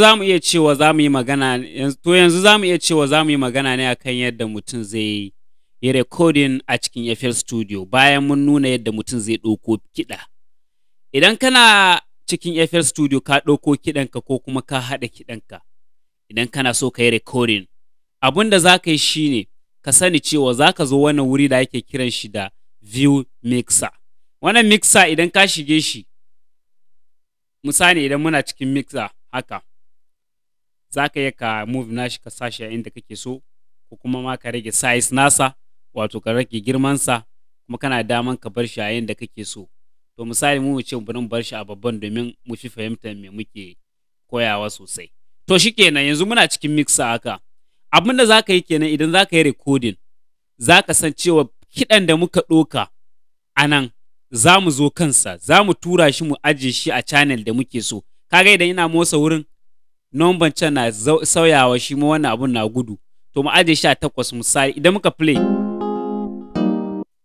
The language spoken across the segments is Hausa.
za mu iya cewa za mu yi magana to yanzu za mu iya cewa za mu yi magana ne akan yadda mutum zai yi recording a cikin FL Studio bayan mun nuna yadda mutum zai ɗauko kiɗa. Idan kana cikin FL Studio ka ɗauko kiɗanka ko kuma ka haɗa kiɗanka idan kana so ka yi recording abin da za ka yi shine ka sani cewa za ka zo wani wuri da ake kiran shi da view mixer. Wannan mixer idan ka shige shi misali idan muna cikin mixer haka za ka yi ka move nashi ka sashi a inda kake so ko kuma ma ka rage size nasa wato ka rage girmansa kuma kana daman ka bar shi a inda kake so to misali mu ce mu bar shi a babban domin mu fi fahimtar me muke koyawa sosai to shikenan yanzu muna cikin mixer haka abin da zaka yi kenan idan zaka yi recording zaka san cewa kidan da muka doka anan za mu zo kansa za mu tura shi mu aje shi a channel da muke so kaga idan ina motsa wurin numban can na sauyawa shi ma wannan abun na gudu to mu aje a takwas misali idan muka play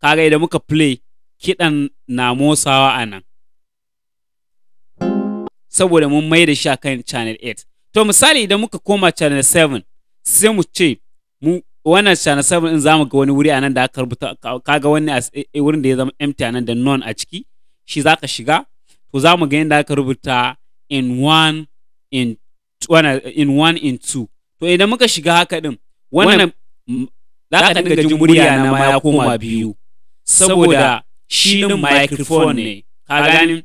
kaga idan muka play kiɗan na motsawa a nan saboda mun mai da shi kan channel 8 to misali idan muka koma channel 7 sai mu ce mu wannan channel 7 in zamu ga wani wuri a nan da aka rubuta kaga wani eh, eh, wurin da ya zama empty a nan da non a ciki shi zaka shiga to zamu ga inda aka rubuta in one in wana in one in two to idan muka shiga haka din wannan za ka dinga jin murya na ma ya koma biyu saboda shi din microphone ne ka gani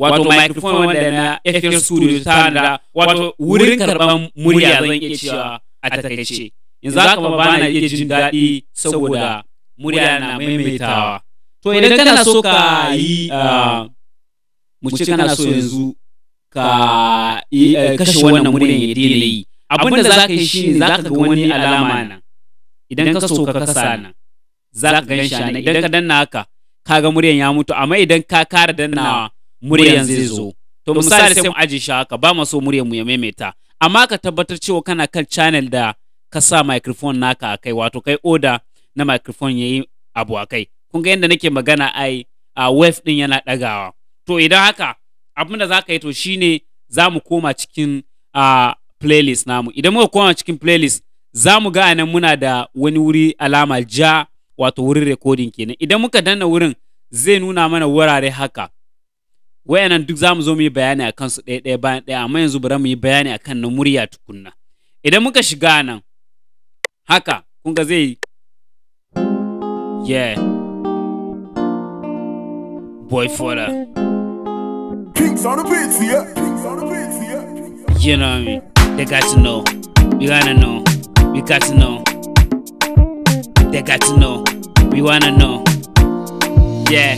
wato microphone wanda na FL Studio ta da wato wurin karban murya zan iya cewa a takaice yanzu za ba bana iya jin daɗi saboda murya na maimaitawa to idan kana so ka yi ah, ah, mu ce kana so yanzu ka eh, eh, kashe wannan murin ya daina yi abin da za ka yi shi ne za ka ga wani alama nan idan ka so ka kasa nan za ka gan shi nan idan ka danna haka ka ga muryan ya mutu amma idan ka kara danna muryan zai zo to misali sai mu aje shi haka ba mu so muryan mu ya maimaita amma ka tabbatar cewa kana kan channel da ka sa microphone naka a kai wato kai oda na microphone yayi abu a kai kun ga yadda nake magana ai a wave din yana dagawa to idan haka abin da za ka yi to shi ne za mu koma cikin a playlist namu idan muka koma cikin playlist za mu ga nan muna da wani wuri alama ja wato wurin recording kenan idan muka danna wurin zai nuna mana wurare haka wayannan duk za mu zo mu yi bayani a kansu ɗaya ɗaya bayan ɗaya amma yanzu bari mu yi bayani a kan na murya tukunna idan muka shiga nan haka kun ga zai yeah boy for Drinks on the beats, yeah. on the beats, yeah. You know what I mean? They got to know. We wanna know. We got to know. They got to know. We wanna know. Yeah.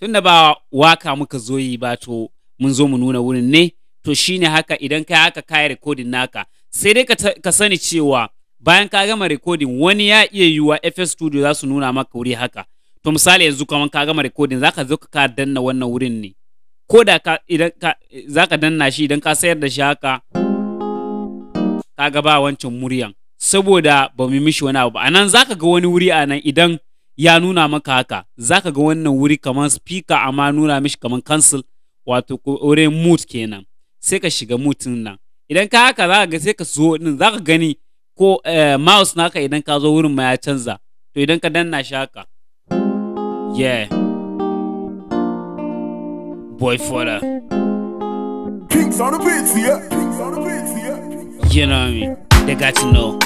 Tunda ba waka muka zo yi ba to mun zo mu nuna wurin ne to shine haka idan kai haka kai recording naka sai dai ka sani cewa bayan ka gama recording wani ya iya yiwuwa FS Studio za su nuna maka wuri haka. To misali yanzu kaman ka gama recording zaka zo ka danna wannan wurin ne. ko da ka idan ka za ka danna shi idan ka sayar da shi haka kaga ba wancan muryan saboda ba mu mishi wani abu A nan za ka ga wani wuri a nan idan ya nuna maka haka za ka ga wannan wuri kamar speaker amma nuna mishi kamar cancel wato wurin mood kenan sai ka shiga mute nan idan ka haka za ka ga sai ka zo din za ka gani ko eh, mouse naka idan ka zo wurin ma ya canza to idan ka danna shi haka yeah Boy for fora. Kings on the beats, yeah. Kings on the beats, yeah. You know what I mean? They got to know.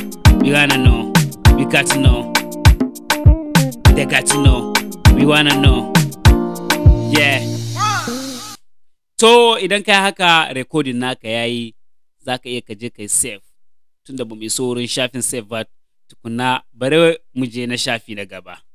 We wanna know. We got to know. They got to know. We wanna know. Yeah. So idan kai haka recording naka yayi zaka iya kaje kai save tunda ba mu iso wurin shafin save ba tukuna bare mu je na shafi na gaba.